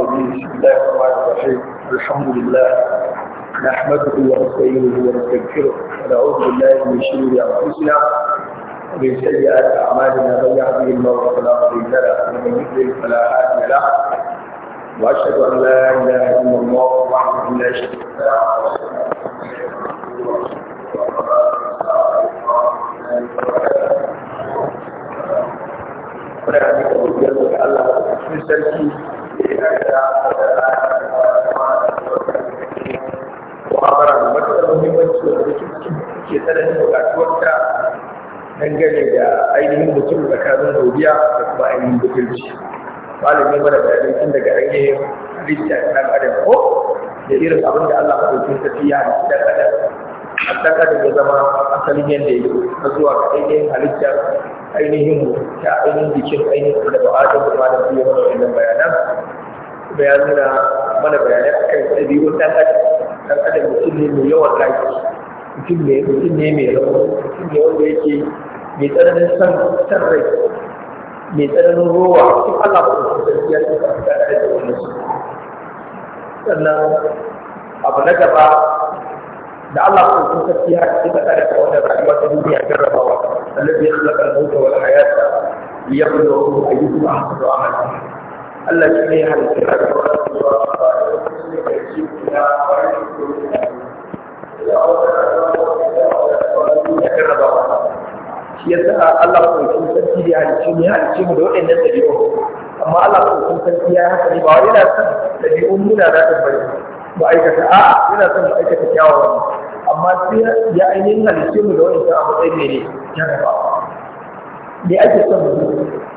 الرجيم بسم الله الرحمن الرحيم الحمد لله نحمده ونستعينه ونستغفره ونعوذ بالله من شرور انفسنا ومن سيئات اعمالنا من يهده الله فلا مضل له ومن يضلل فلا هادي له واشهد ان لا اله الا الله وحده لا شريك له ونعمة بالجنة الله في سلكي muhabara da matuƙar muhimmanci mutum ke tsananin buƙatuwarta dangane da ainihin mutum tsakanin godiya da kuma ainihin butulci malami mana da abincin daga ainihin halitta ɗan adam ko da irin abin da Allah maɗaukin tafiya da ɗan adam haɗaƙar ya zama asalin yadda ya na zuwa ga ainihin halittar ainihin ta ainihin jikin ainihin da ba adam da ma da su yi wannan bayanan bayanan na mana bayanai a kan ɗabi'un ɗan adam ɗan adam mutum ne mai yawan lafi mutum ne mutum ne mai rauni mutum ne wanda yake mai tsananin san san rai mai tsananin rowa duk Allah ba su sarki ya ce ka da wannan su sannan abu na gaba da Allah ko kun sarki har ki da tare da wannan rayuwa ta duniya jarrabawa alladhi khalaqa al-mauta wal hayata liyabluwakum ayyukum ahsanu amala Allah shi ne har ki da shi ya sa Allah ko kun sarki da halicci ne halicci mu da waɗannan dabi'u amma Allah ko kun sarki ya haka ne ba wai yana son dabi'un muna da tabbata Ma'aikata? aikata a yana son ma'aikata aikata kyawawan amma sai ya ainihin halice mu da wani a matsayin ne jarrabawa me ake son mu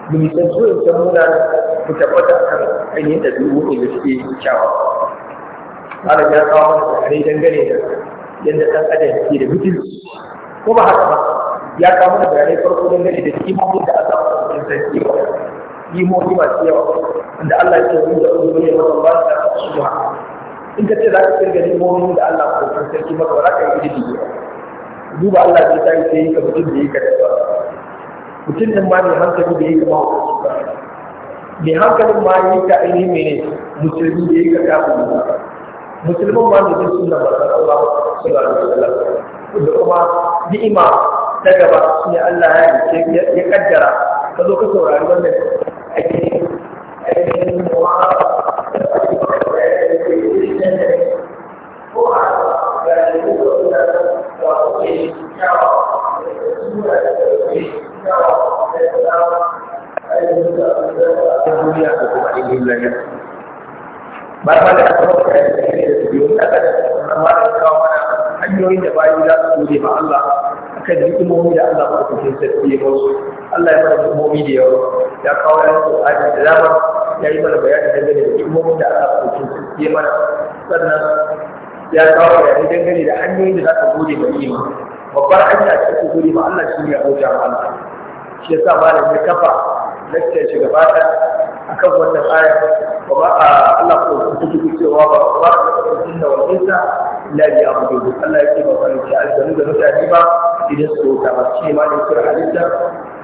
mu nisan so in san muna mu tabbata kan ainihin da dubu da suke kyawawa malam ya kawo mana bayanai dangane da yadda ɗan adam ke da mutunci ko ba haka ba ya kawo mana bayanai farko dangane da kimomin da aka fi sarki ba kimomi masu yawa wanda Allah ya ce wani da wani ne wata ba su da su in ka ce za ka kirga nemomin da Allah ko kan sarki maka ba za ka yi ilimi ba duba Allah zai ta yi sai yi ka mutum da yi ka da ba mutum din ma mai hankali da yi ka ma ba mai hankalin ma yi ka ainihin mene musulmi da yi ka kafin ba musulman ma da zai suna ba san Allah sallallahu alaihi wasallam da kuma ni'ima ta gaba ne Allah ya yi ya kaddara ka zo ka saurari wannan ainihin ainihin mu'amala duniya da kuma ainihin lafiya da kuma kai da kai da su biyu da kada amma da kawo Allah ya musu Allah ya da yawa ya kawo ya da dama ya yi bayani da hikimomin da Allah ba su cikin ya kawo bayanai dangane da hanyoyin da za ka gode ma ni'ima babbar hanya da ake gode ma Allah shi ne a wajen Allah shi yasa malam ya kafa lakcin shi gaba ta akan wannan aya wa ba a Allah ko ku kuke cewa ba ba ka inna wa insa la ya'budu Allah ya ce ba kan shi aljanu da mutane ba idan su ta ba shi malam ne sura halitta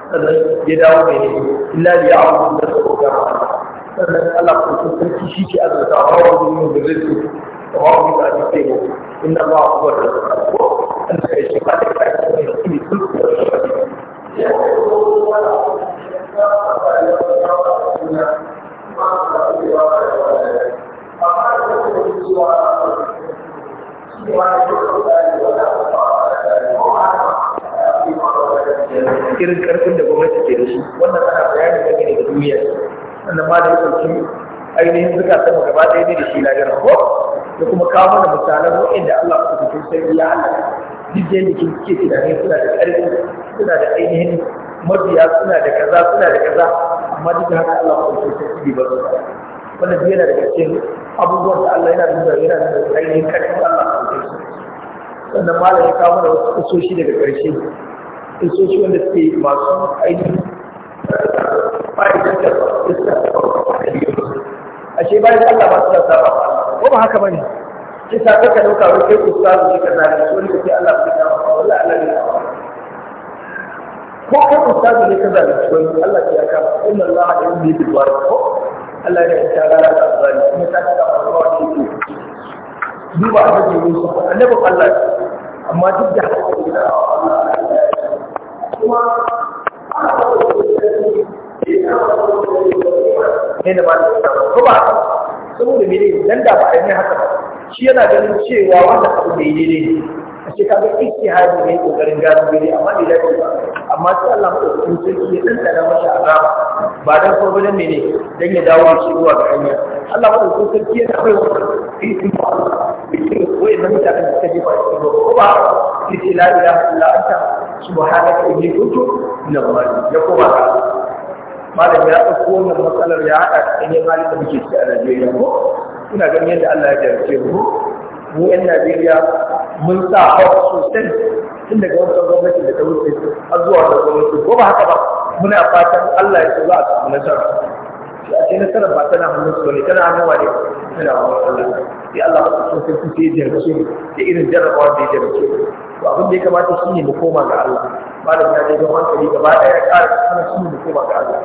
sannan ya dawo mai ne illa li ya'budu da su ga sannan Allah ko ku kuke shi ke azurta wa wa da zai ثواب إذا أتيته إن الله هو الرزاق أن الشفاء يحتاج إلى كل irin karfin da gwamnati ke da shi wannan ana bayani da ne da duniya wannan ma da yi. ainihin suka sama gaba ɗaya ne da shi lahira ko da kuma kawo mana misalan da Allah ku kusa sai ya Allah duk da yake suke tunani suna da ƙarfi suna da ainihin mabiya suna da kaza suna da kaza amma duk da haka Allah ku kusa sai ba su wannan duk yana daga cikin abubuwan da Allah yana nuna yana nuna ainihin ƙarfin Allah ku kusa sai sannan malam ya kawo mana wasu kusoshi daga ƙarshe kusoshi wanda suke masu ainihin fa'idantar iska da su. ashe bayan Allah ba suna saba ba ko ba haka bane shi sa kaka dauka wai kai ustazu ne kaza ne so ne sai Allah ya ba wallahi Allah ne ko kai ustazu ne kaza ne so Allah ya ka inna Allah ya yi bi wa ko Allah ya ta gara da azali kuma ta ta ba wa ce ko duba a cikin Yusuf annabi Allah amma duk da haka kuma ana ba da wani ne da ba da ko ba saboda mene dan da ba a yi haka ba shi yana ganin cewa wanda abu da daidai ne a ce kaga ijtihadi ne kokarin gano daidai amma bai dace ba amma sai Allah madaukakin sarki ya dan da masa azaba ba dan farko dan mene dan ya dawo shi zuwa ga hanya Allah ba madaukakin sarki yana kai wa cikin ba ko wai nan da kan take ba cikin ba ko ba ki la ilaha illa anta subhanaka inni kuntu min al-zalimin ya ko ba malam ya ɗauko wannan matsalar ya haɗa da ne halin da muke ci a Najeriya ko ina ganin yadda Allah ya jarce mu mu 'yan Najeriya mun sa hawa sosai tun daga wancan gwamnati da ta wuce har zuwa wata gwamnati ko ba haka ba muna fatan Allah ya za a samu nasara a ce nasarar ba tana hannun su ne tana hannun wa ne tana hannun Allah sai Allah ba su so sai sai jarce da irin jarrabawa da ya jarce to abin da ya kamata shi ne mu koma ga Allah malam ya je ga hankali gaba ɗaya ya ƙara kuma shi ne mu koma ga Allah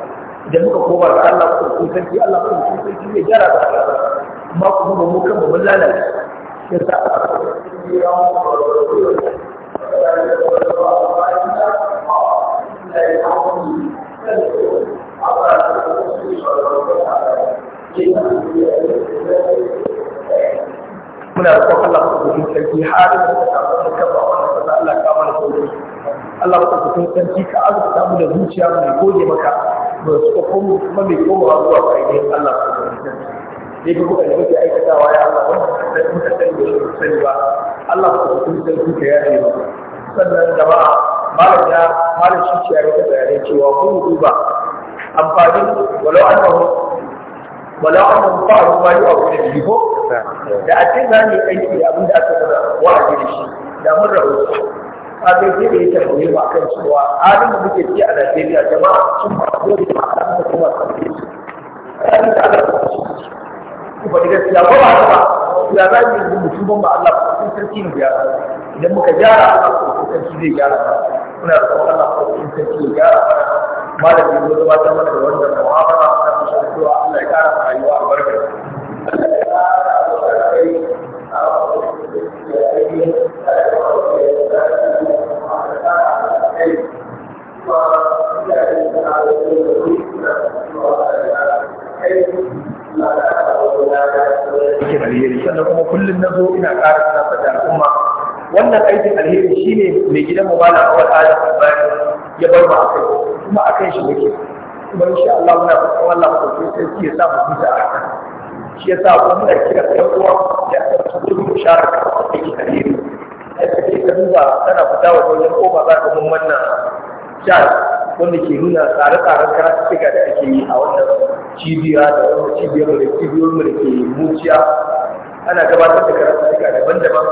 da muka koma ga Allah ko kun sarki Allah ko kun sarki zai gyara ba amma ku duba mu kan mun lalace ya sa muna da kwan Allah ko sarki har da ta samu kaba wannan Allah ka mana Allah ko kun sarki ka azurta mu da zuciya mai goge maka ba su ka kuma kuma mai zuwa ba ainihin Allah su ka ne kuka da aikatawa ya Allah wanda muka sani da su sani ba Allah su ka kuma sani ka yaje ba sannan jama'a malam ya malam shi ce ya rika bayanai cewa kun duba amfanin walau annahu walau annahu fa'alu ma yu'abu da ko da a ce za mu aiki da abin da aka zama wa'adi da shi da mun rahoto kafin sai da ya tambaye mu kan cewa halin da muke ciki a Najeriya jama'a sun ba ko da ma an da kuma kamar su kan da Allah ta su ku ba daga ya ba ba ba ya za mu yi mutum ba Allah ko sun sarki mu gyara idan muka gyara Allah ko sun sarki zai gyara muna da kuma Allah ko sun sarki zai gyara malami ne da ba ta mana da wannan mu'amala ta musa cewa Allah ya kara rayuwa kullum na zo ina ƙara sanarwa da al'umma wannan aikin alheri shine mai gidan mu bala awal adam albani ya bar mu akai kuma akan shi muke kuma insha Allah muna fatan Allah ko sai sai ya sa mu fita a kan shi ya sa kuma muna kira ɗan uwa ya aka tsoro mu share ka aikin alheri ai kace ka duba tana fita wa wajen kofa za ka mun wannan jihar wanda ke nuna tsare-tsaren karatuka da ake yi a wannan cibiya da wannan cibiyar mu da cibiyar da ke muciya ana gabatar da karatu suka daban-daban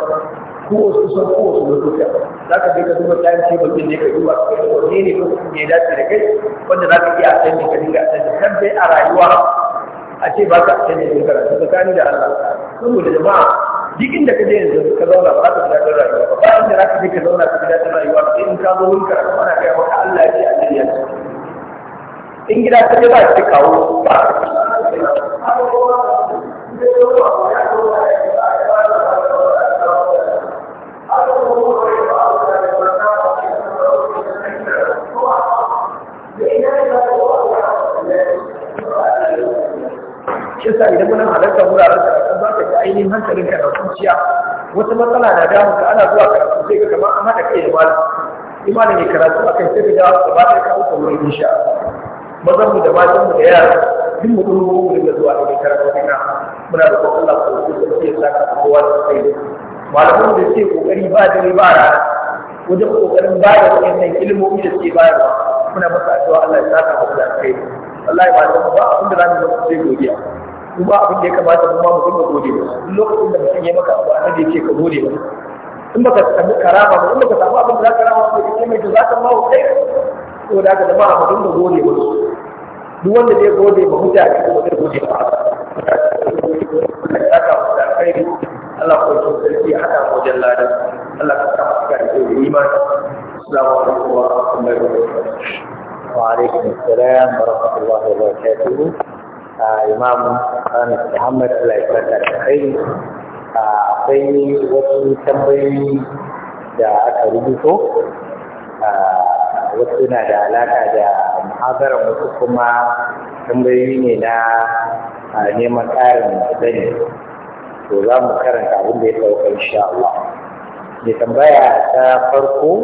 ko wasu kusan ko wasu lokuta za ka je ka duba kayan table din ne ka duba ka ga wanne ne lokacin da ya dace da kai wanda za ka iya sani ka dinga sani kan dai a rayuwa a ce ba ka sani da karatu tsakani da Allah saboda jama'a duk inda ka je yanzu ka zauna ba za ka ji daɗin rayuwa ba ba inda za ka je ka zauna ka ji daɗin rayuwa sai in ka zo wurin karatu ana gaya maka Allah ya ce a cikin yanzu. in gida ka je ba ka kawo ba ka yasa idan muna halarta wuraren karatu za ka ji ainihin hankalin ka na kuciya wata matsala na damu ka ana zuwa karatu sai ka kama an haɗa kai da malam imanin mai karatu a kai sai ka dawo ka ɗaya ka huta wurin insha mazan mu da matan mu da yara duk mu ɗin mu da zuwa da mai karatu kina muna da kuma Allah ko ku sai ya saka kowa da kai malaman da ke kokari ba dare ba wajen kokarin ba da wannan ilimomi da suke bayarwa muna masa addu'a Allah ya saka mu da kai wallahi ba da ba abin da zamu yi sai godiya mu ba abin da ya kamata mu ma mutum ya gode ba lokacin da mutum ya maka abu annabi ya ce ka gode ba in baka samu karama ba in baka samu abin da za ka rama ba kike mai ka ma wa kai to da ka jama'a mu dinga gode ba duk wanda zai gode ba mutane ko zai gode ba saka mu da kai Allah ko to sarki haka ko jallada Allah ka sa mu ga da imani assalamu alaikum wa rahmatullahi wa barakatuh wa alaikum assalam wa rahmatullahi wa barakatuh imam muhammad Laifatatakai da akwai wasu tambayoyi da aka rubuto wasu na da alaka da muhazarar wasu kuma tambayoyi ne na neman ƙarin sani to za mu karanta abin da ya sauka insha Allah mai tambaya ta farko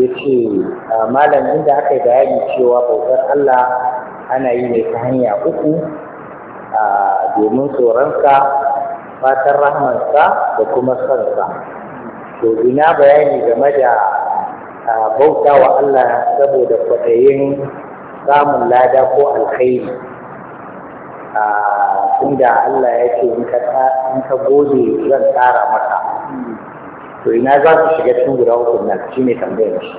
ya ce malam inda aka yi bayani cewa bautar Allah ana yi ne ta hanya uku domin tsoronsa fatan rahamansa da kuma sansa to ina bayani game da bauta wa Allah saboda kwaɗayin samun lada ko alkhairi da Allah ya ce in ka gode zan tsara maka to ina za su shiga cikin guda hukunan shi ne tambayar shi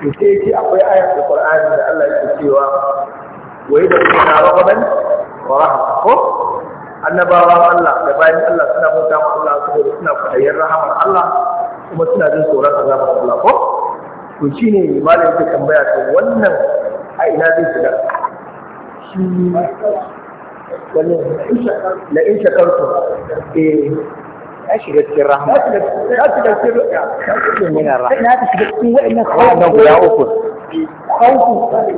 to ce akwai ayat da Qur'ani da Allah yake cewa wai da kuna rababan wa rahma ko annabawan Allah da bayan Allah suna bauta ma Allah saboda suna kwadayin rahamar Allah kuma suna jin tsoron azabar Allah ko to shine malamin yake tambaya to wannan a ina zai shiga shi wannan la in shakartum eh ka shiga cikin rahama ka shiga cikin rahama na ka shiga cikin wa'annan kawai guda uku kawai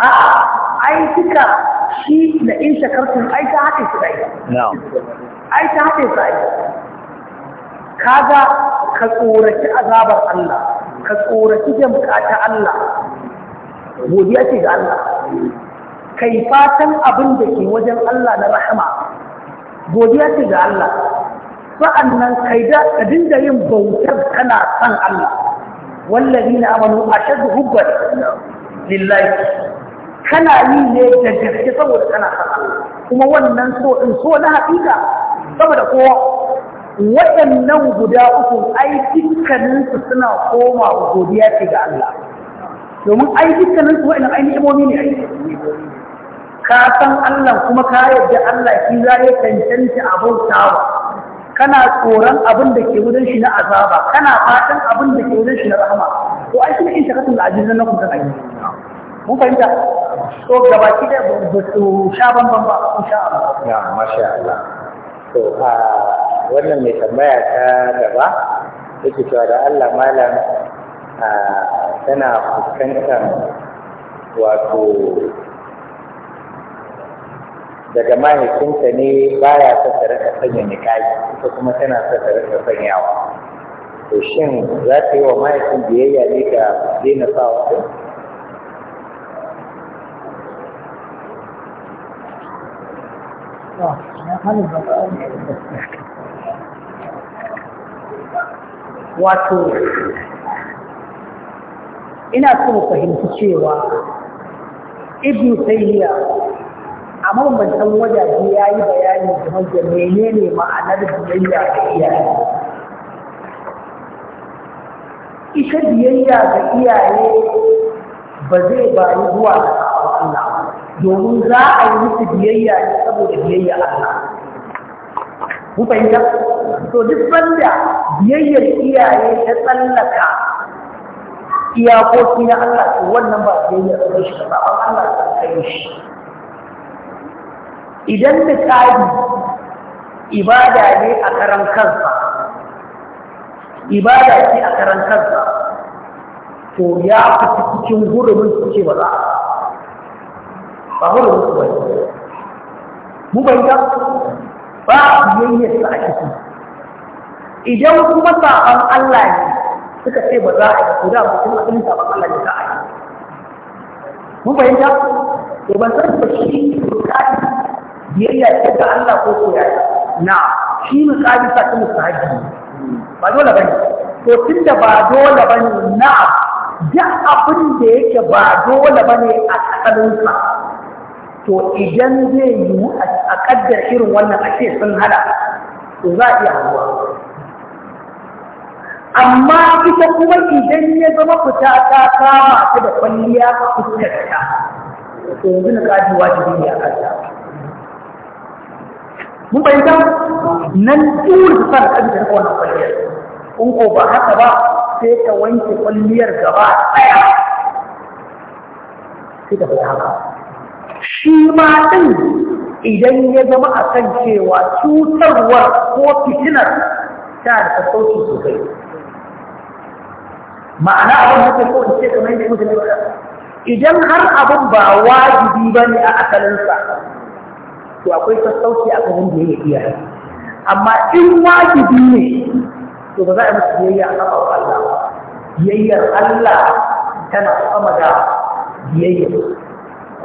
a ai kika shi na in shakartun ai ta haɗe su ɗai ai ta haɗe su ɗai kaga ka tsoraci azabar Allah ka tsoraci jamka ta Allah godiya ce ga Allah kai fatan abin da ke wajen Allah na rahama godiya ce ga Allah sa'annan kai da ka dinga yin bautar kana san Allah wallazi na amanu ashadu hubban lillahi kana yi ne da gaske saboda kana san kuma wannan so in so na haƙiƙa saboda kowa waɗannan guda uku ai dukkaninsu suna komawa godiya ce ga Allah domin ai dukkaninsu waɗannan ainihin imomi ne ainihin ka san Allah kuma ka yadda Allah shi za ya cancanta a bautawa kana tsoron abin da ke wurin shi na azaba kana fatan abin da ke wurin shi na rahama ko ai shine in shakatul ajiz na kun kan mun fahimta to gabaki da ba su sha a ba insha Allah ya masha Allah to a wannan mai tambaya ta gaba yake cewa da Allah malam tana fuskantar wato daga mahaifinta ne baya son ta rika sanya nikahi ita kuma tana son ta rika sanyawa to shin za ta yi wa mahaifin biyayya ne ga daina sa wasu wato ina so fahimci cewa ibnu tayyiya ban san wajaje ya yi bayani game da menene ma'anar biyayya ga iyaye ita biyayya ga iyaye ba zai bayi zuwa ga Allah domin za a yi musu biyayya ne saboda biyayya Allah ku fahimta to duk banda biyayyar iyaye ta tsallaka iyakoki na Allah to wannan ba biyayya ba shi ba Allah ta kai shi idan da tsari ibada ne a karan kansa ibada ce a karan kansa to ya fi cikin hurumin su ce ba za a hurumin su bai mu bai ga ba biyayyar sa a ciki idan kuma an Allah ne suka ce ba za a yi ko da mutum a cikin Allah ne za a yi mu bai to ban san ba shi tsari biyayya ce ga Allah ko koya na shi misali ta kuma sahabi ba dole bane to tunda ba dole bane na duk abin da yake ba dole bane a asalinsa to idan zai yi a kaddar irin wannan a ce sun hada to za a iya hawa amma ita kuma idan ya zama fita ta kama ta da kwalliya a ta, to yanzu na kaji wajibi ne a kasa mun fahimta nan dole su sa da kan da wannan kwalliyar in ko ba haka ba sai ka wanke kwalliyar gaba ɗaya sai ta fita haka shi ma ɗin idan ya zama a kan cewa cutarwar ko fitinar ta da sauki sosai ma'ana abin da ke so in ce kamar yadda mutum idan har abin ba wajibi ba ne a asalinsa to akwai sassauci kanin da ya iya amma in wajibi ne to ba za a musu biyayya a kafa Allah biyayyar Allah tana sama da biyayyar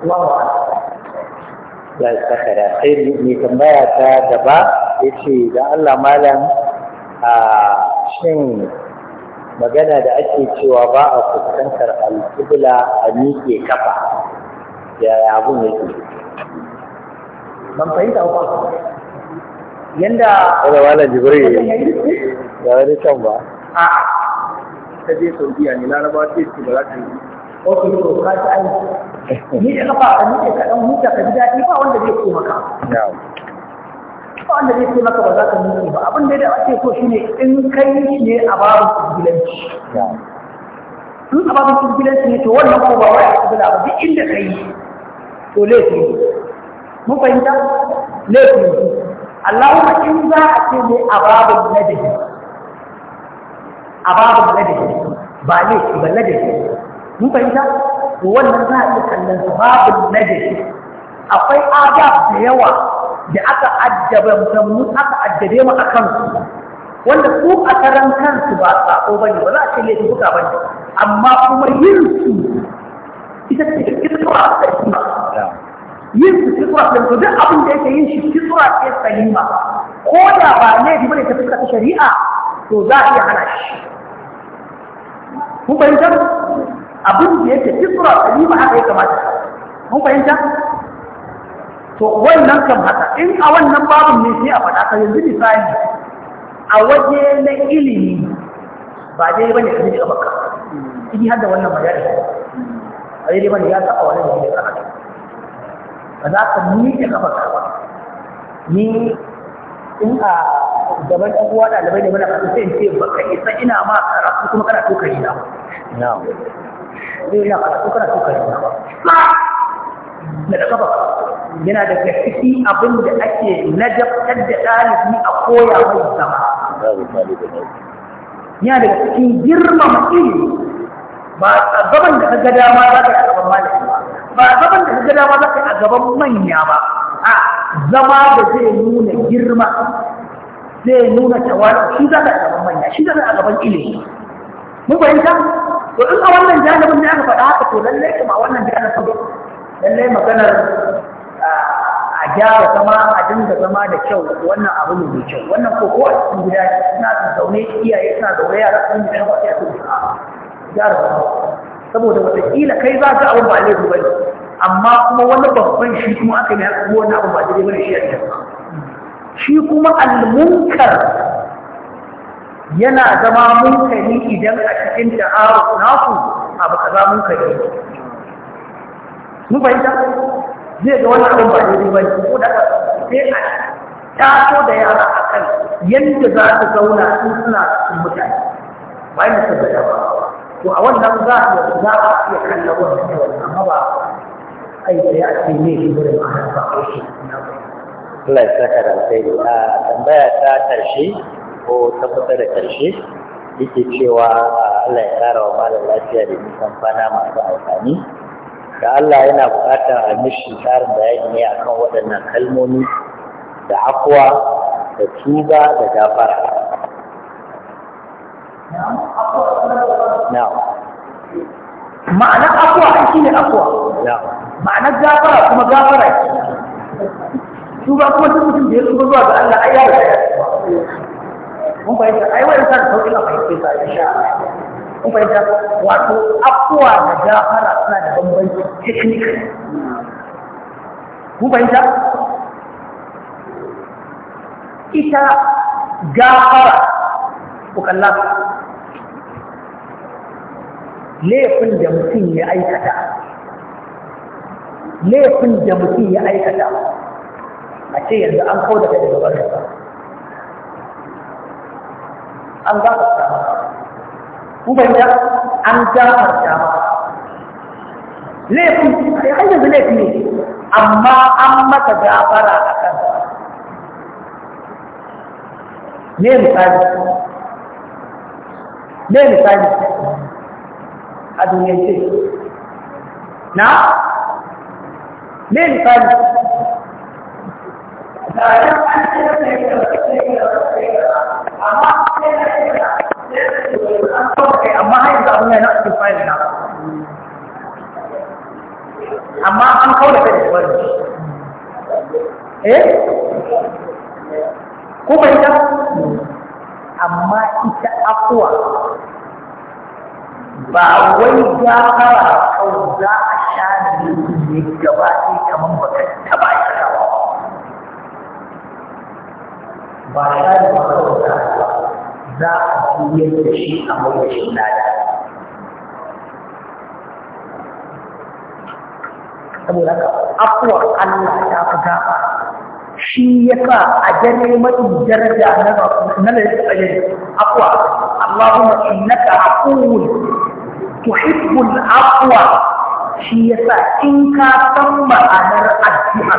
Allah wa ya saka da sai ne tambaya ta gaba ya ce Allah malam a shin magana da ake cewa ba a fuskantar alƙibla a miƙe kafa yaya abun yake ban fahimta ba yanda da wala jibril da wani can ba a ta je saudiya ne laraba ce ce ba za ta yi ok to ka ta ai ni da kafa ka ni ka dan huta ka ji daɗi ba wanda zai ce maka ba wanda zai ce maka ba za ka nufi ba abin da ce ko shi ne in kai ne a babu kubilanci in a babu kubilanci ne to wannan ko ba wani a kubila ba duk inda kai to laifi mun fahimta laifin su Allahumma in za a ce ne a babin ladabi a babin ladabi ba laifi ba ladabi mun fahimta to wannan za a iya kallon su babin ladabi akwai adab da yawa da aka addaba musamman aka addabe mu a kansu wanda su a karan kansu ba sako bane ba za a ce laifi buka bane amma kuma yin su ita ce ita ce ba a yin su fitra ɗin to duk abin da yake yin shi fitra ce salima ko da ba laifi bane ta fitra ta shari'a to za a iya hana shi Mun fahimta abin da yake fitura salima haka ya kamata mun fahimta to wannan kan haka in a wannan babin ne sai a faɗa ka yanzu misali a waje na ilimi ba dai bane ka ji ka baka in har da wannan magana A dai bane ya saba wannan da ya saba ba za ka miƙe kafa ba ni in a gaban ɗan uwa ɗalibai da mana kasu sai in ce ba ka isa ina ma karatu kuma kana to kari na ba ne ina karatu kana to kari na ba na da kafa yana da ciki abin da ake najabtar da ɗalibi a koya mai zama yana daga cikin girmama ilimi ba a gaban da ka ga dama za ka karɓar malami ba ba zaman da kaga dama za ka yi a gaban manya ba a zama da zai nuna girma zai nuna tawara shi za ka yi a gaban manya shi za ka yi a gaban ilimi mun fahimta to in a wannan janibin ne aka faɗa haka to lallai kuma a wannan janibin lallai maganar a gyara zama a dinga zama da kyau wannan abu ne mai kyau wannan ko kowa cikin gida suna zaune iyaye suna zaune yara sun yi ɗan wasu ya su gyara zama saboda wataƙila kai za ka abin ba a ba ne amma kuma wani babban shi kuma aka yi haka wani abu ba daidai ba ne shi a shi kuma almunkar yana zama munkari idan a cikin ta'aruf naku abu kaza munkari mun fahimta zai ga wani abin ba daidai ba ne ko da sai a taso da yara a kan yadda za su zauna sun suna cikin mutane bayan da sun ba to a wannan za a za a iya kalla wannan yawan amma ba Ai tsaye a ce ne shi wurin ba harfa a shi Allah ya saka da alkhairi a tambaya ta karshe ko ta kusa da karshe yake cewa Allah ya kara wa malam lafiya da nisan kwana masu amfani da Allah yana buƙatar a mishi tsarin bayani ne akan waɗannan kalmomi da akwa da tuba da gafara ma'ana akwa shi ne akwa, ma'ana gafara kuma gafara su ba kuma duk mutum da ya tuba zuwa ga Allah ai ya da ya tuba mun fahimta ai wani sa da sauƙin a fahimce sa insha mun fahimta wato akwa da gafara suna da bambanci technical mun fahimta ita gafara ko kalla laifin da mutum ya aikata laifin da mutum ya aikata a ce yanzu an kawo daga daga barin an gafarta kuma da an gafarta laifin sai hanyar da laifin ne amma an masa gafara a kan ne misali ne misali a duniyance na ne misali amma har yanzu abin yana cikin fayil na amma an kawo da kai eh amma ita afuwa ba wai ya fara kawai za a sha ne ne gaba ɗaya kamar baka taɓa sha ba ba sha ne ba kawai za a sha za a juyar yadda shi a mai shi lada saboda haka afuwar Allah ta fi gafa shi ya sa a gane mafi daraja na da ya taɓa yin afuwa Allahumma innaka aqul tuhibbul aqwa shi yasa in ka san ma'anar addu'a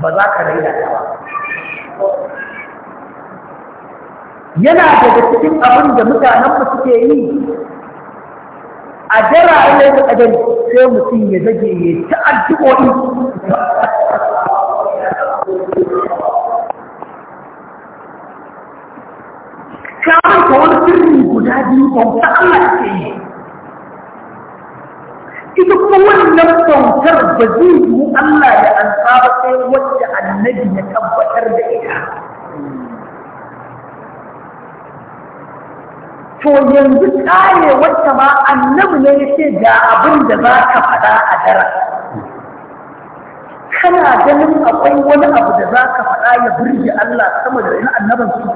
ba za ka raina ta ba yana daga cikin abin da mutanen mu suke yi a jara ne da sai mutum ya zage ya ta addu'o'i ka wani sirri guda biyu bauta Allah ke yi ita kuma wannan bautar ba zai Allah ya an saba sai wacce annabi ya tabbatar da ita to yanzu kare wacce ma annabi ne ya ce ga abin da za ka faɗa a dara kana ganin akwai wani abu da za ka faɗa ya burge Allah sama da wani annabansu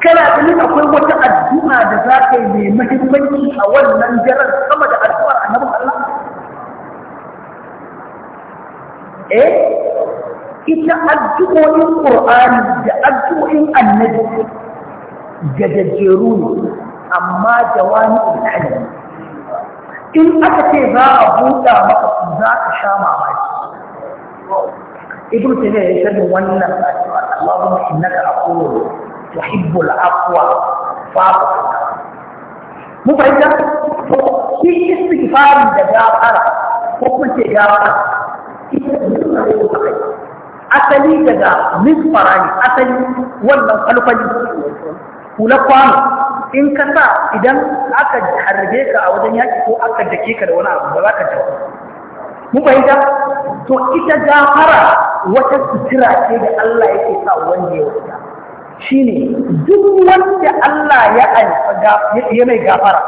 kana ganin akwai wata addu'a da za ka yi mai muhimmanci a wannan jarar sama da addu'ar annabin Allah eh ita addu'o'in Qur'ani da addu'o'in annabi gajajeru ne amma jawani al'adami in aka ce za a buɗa maka za ka sha mamaki ibnu tayyib ya shaɗin wannan addu'a Allahumma innaka aqulu tuhibbul afwa babu mu fahimta to shi istighfari da gafara ko kun ce gafara ita kai asali daga misfara ne asali wannan kalfali kula kwano in ka sa idan aka harbe ka a wajen yaki ko aka dake ka da wani abu ba za ka jawo mun fahimta to ita gafara wata sutura ce da Allah yake sa wanda ya wuta shine duk wanda Allah ya mai gafara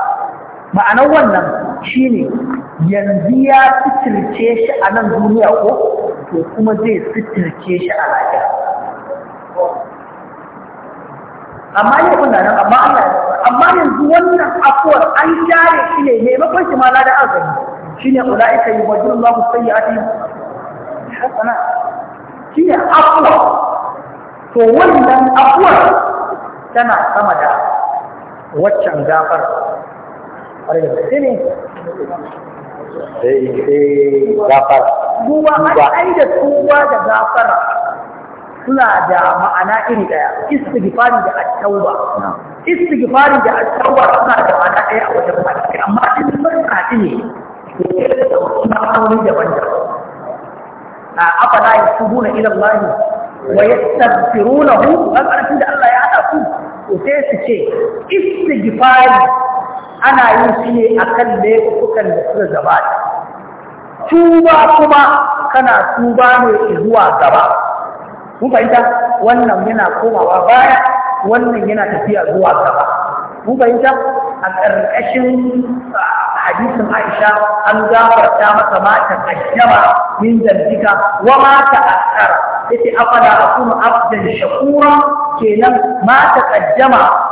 ma'anar wannan shine yanzu ya fitilce shi a nan duniya ko to kuma zai fitilce shi a lafiya. amma ya kuna nan amma Allah amma yanzu wannan afuwar an share shi ne ne bakon shi ma ladan azumi shine ulaika yubaddilu Allahu sayyi'atihim hasana ne afuwar to wannan afuwar tana sama da waccan gafar shi ne sai gafar duba an da tuba da gafar suna da ma'ana iri ɗaya. istighfari da a tauba istighfari da at-tauba suna da ma'ana ɗaya a wajen malaka amma in sun kaɗi ne to da kauri da daban a afala buna ilan Allah wa yastaghfirunahu a ƙarfin da Allah ya haɗa ku to sai su ce istighfari ana yin shi ne akan laifukan da suka gabata tuba kuma kana tuba ne zuwa gaba kun fahimta wannan yana komawa baya wannan yana tafiya zuwa gaba mun fahimta a ƙarƙashin hadisin Aisha an gafarta masa mata ta min zalika wa mata ta akara yace afala akunu abdan shakura kenan mata ta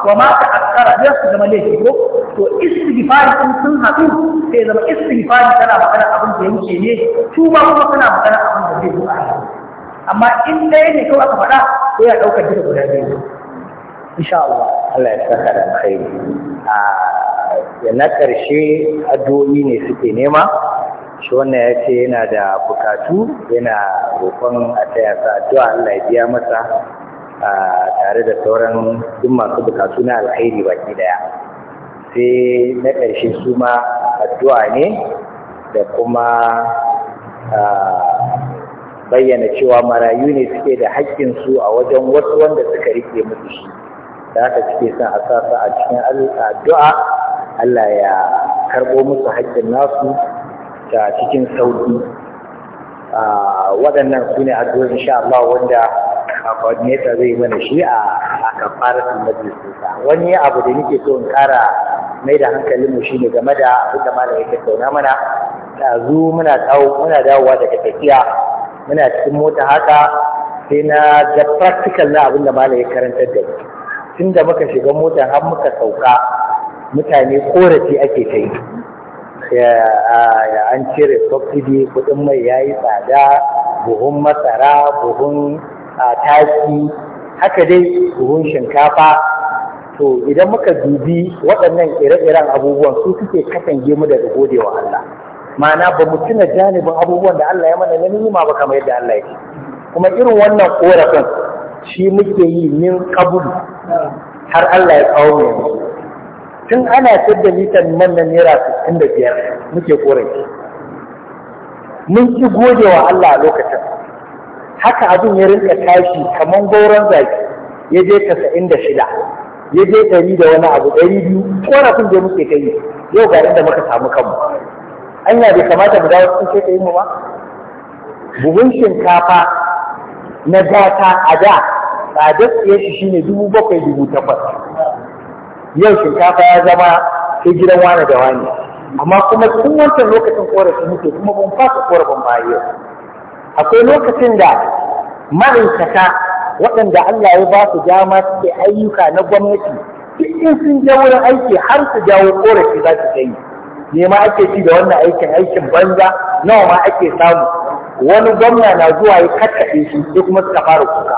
wa mata ta akara da su zama laifi ko to istighfari kun sun haɗu sai zama istighfari tana magana abin da yake ne tuba kuma tana magana abin da zai zo a amma in ɗaya ne kawai aka faɗa sai ya ɗaukar duka guda biyu insha Allah Allah ya saka da alkhairi ah. na ƙarshe addu'o'i ne suke nema shi wannan ya ce yana da bukatu yana roƙon a taya sa addu'a Allah ya biya masa A tare da sauran duk masu bukatu na alkhairi baki daya sai na ƙarshe su ma addu'a ne da kuma bayyana cewa marayu ne suke da haƙƙinsu a wajen wasu wanda suka rike musu shi da haka suke son a sa a cikin addu'a Allah ya karbo musu haƙƙin nasu ta cikin sauƙi waɗannan su ne addu'o'in insha Allah wanda coordinator zai mana shi a su majalisa wani abu da nake so in ƙara mai da hankalinmu shi ne game da abin da malam yake tauna mana zo muna muna dawowa daga tafiya muna cikin mota haka sai na ga practical na abin da malam ya karantar da mu tun muka shiga mota har muka sauka mutane korafi ake ta yi an cire subsidy kudin mai ya yi tsada buhun masara buhun taki haka dai buhun shinkafa to idan muka dubi waɗannan ire-iren abubuwan su suke kasan mu daga godewa Allah ma'ana ba mu tuna janibin abubuwan da Allah ya mana na nima ba kamar yadda Allah ya ce kuma irin wannan korafin shi muke yi min kabul har Allah ya kawo mu yanzu tun ana da litan man na da 65 muke ƙorafi. mun ki goge wa Allah a lokacin haka abin ya rinka tashi kamar gauron zaki ya je 96 ya je 100 da wani abu 200 ƙorafin da muke kai yau ga inda muka samu kanmu anya bai kamata mu dawo cikin sai mu ba buhun shinkafa na gata a da tsadar tsaye shi shine dubu bakwai dubu takwas yau shinkafa ya zama sai gidan wane da wani amma kuma cikin wancan lokacin korafin muke kuma ban fasa korafin ba yau akwai lokacin da ma'aikata waɗanda Allah ya ba su dama suke ayyuka na gwamnati duk in sun je wurin aiki har su jawo korafi za su gani ne ma ake ci da wannan aikin aikin banza nawa ma ake samu wani gwamna na zuwa ya kakkaɗe shi sai kuma suka fara kuka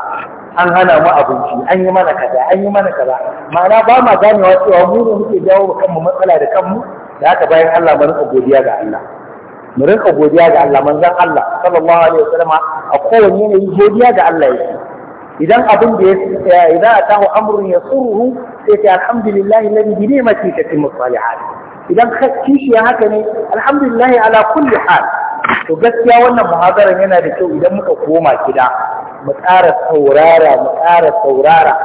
an hana mu abinci an yi mana kaza an yi mana kaza ma'ana ba ma ganewa cewa mu ne muke jawo wa kanmu matsala da kanmu da haka bayan Allah mu rinka godiya ga Allah mu rinka godiya ga Allah manzon Allah sallallahu alaihi wasallam a kowanne yanayi godiya ga Allah yake idan abin da ya idan atahu amrun yasurruhu sai ta alhamdulillahi alladhi bi ni'mati tatimmu salihat idan kishiya haka ne alhamdulillahi ala kulli hal to gaskiya wannan muhazaran yana da kyau idan muka koma gida mu ƙara saurara mu ƙara saurara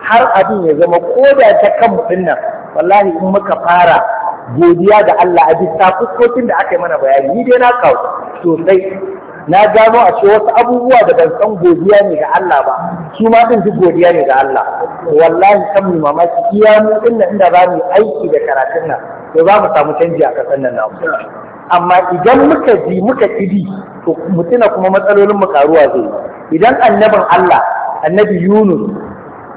har abin ya zama ko da ta kan mutum nan wallahi in muka fara godiya ga Allah a bisa fuskokin da aka yi mana bayani ni dai na kawo sosai na gano a ce wasu abubuwa da ban san godiya ne ga Allah ba su ma din duk godiya ne ga Allah wallahi kan mu mamaki iya mu din nan inda za mu aiki da karatun nan to za mu samu canji a kasan nan namu amma idan muka ji muka kidi to mutuna kuma matsalolin mu karuwa zai idan annabin Allah annabi Yunus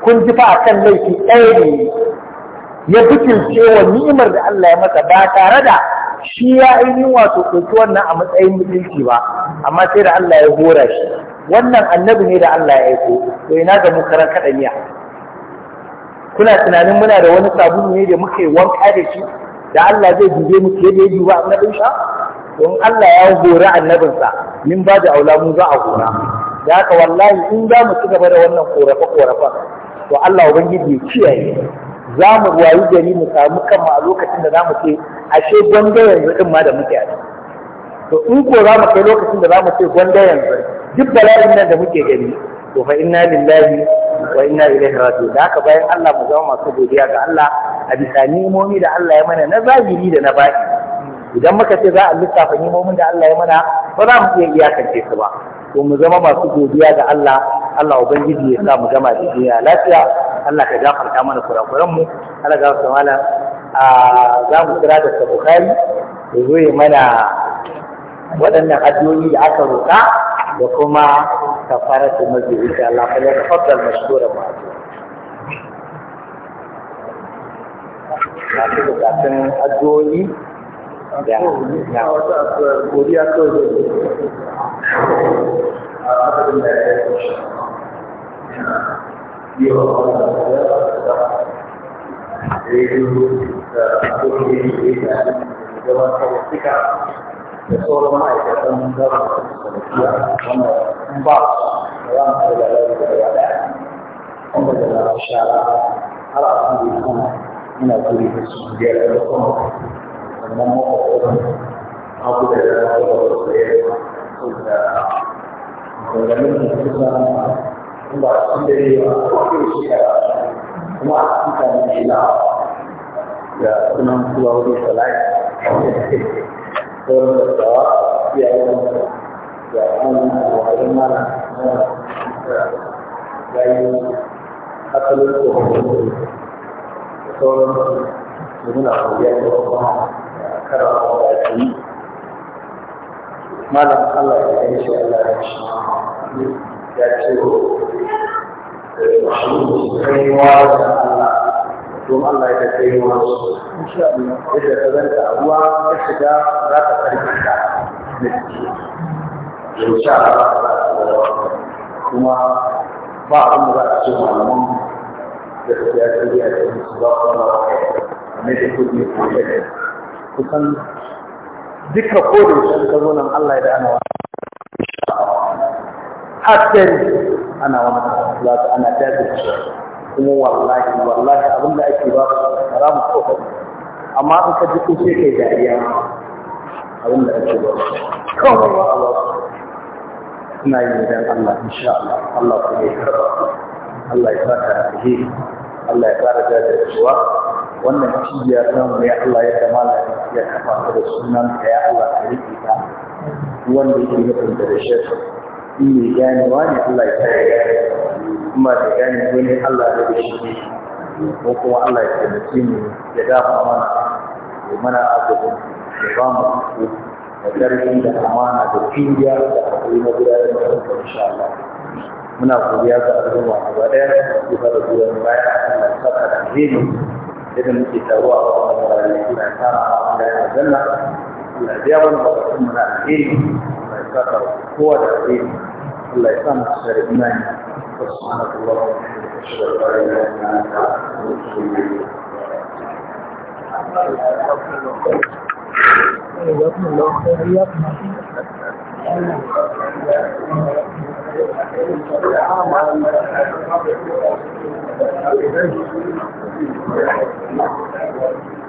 kun ji fa akan laifi ɗaya ne ya bikince wa ni'imar da Allah ya masa ba tare da shi ya ainihin wato ɗauki wannan a matsayin mutunci ba amma sai da Allah ya hora shi wannan annabi ne da Allah ya aiko to ina ga mu karan miya? kuna tunanin muna da wani sabulu ne da muka yi wanka da shi da Allah zai dube mu ke da ya duba annabin sa don Allah ya annabin annabinsa min ba da aula mu za a hora da haka wallahi in za mu ci gaba da wannan korafa korafa to Allah ubangiji ya kiyaye za mu wayi gari mu samu kanmu a lokacin da za mu ce ashe gwanda yanzu din ma da muke a to in ko za mu kai lokacin da za mu ce gwanda yanzu duk bala'in nan da muke gani to fa inna lillahi wa inna ilaihi raji'un da haka bayan Allah mu zama masu godiya ga Allah a bisa nimomi da Allah ya mana na zahiri da na baki idan muka ce za a lissafa nimomin da Allah ya mana ba za mu iya iyakance su ba to mu zama masu godiya ga Allah Allah ubangiji ya sa mu gama da duniya lafiya Allah ka gafarta mana kurakuran mu Allah ga su mala a ah, za mu kira da Bukhari ya zo ya mana waɗannan addu'o'i da aka roƙa da kuma kafaratu mazi insha Allah fa la tafaddal mashkura ma masu bukatun addu'o'i da na wata godiya kawai da Thank you. da sauran ma'aikatan gaba da salafiya wanda in ba da za mu da lafiya da ya daya wanda da na shara har a kuma kuma muna kuri da su biyar da kuma sannan makwakwakwakwa abu da ya zama da wasu da ya saboda maganganun da suka zama in ba su da yi ba ko shi da kuma a cikin kanin shi da sunan kulawa da salai sauran dattawa iyayen da an wajen mana na yayi asalin tsohon da sauran da muna koyar da kuma karawa da ake yi malam Allah ya yi shi Allah ya shi ya ce wa shi kai wa da Allah don Allah ya kai yi wasu yadda ka zanta a ruwa ka shiga za ka karfi ka insha Allah kuma ba a kuma za a ce malaman da su ya shirya da yin su ba kuma ne da kudi kusan duka kodin sun ka zo nan Allah ya da ana wani hatta ana wani za ana shi kuma wallahi wallahi abin da ake ba haramu ko ba amma in ka ji kuce kai dariya abin da ake ba kawai ba Allah ina yi dan Allah insha Allah Allah ku ne karba Allah ya saka alheri Allah ya kara jajircewa wannan cibiya ta mu ne Allah ya kamala ya kafa ta da sunan ka ya Allah ya rike ta wanda yake nufin da shi ne ganewa ne Allah ya kare al'umma da gane wani Allah da shi ko kuma Allah ya taimake mu ya dafa mana ya mana azabin ya ba mu su da ƙarfi da amana da kiriya da haƙuri na gudanar da kanka insha Allah muna godiya ga al'umma gaba ɗaya da ba da goyon baya Allah ya saka da alheri idan muke taruwa a wannan wurare suna tara Allah ya zanna Allah ya biya mana bukatun mu na alheri Allah ya saka kowa da alheri Allah ya sa mu tsare imani سبحانك اللهم وبحمدك اشهد ان لا اله الا انت حياكم الله حياكم الله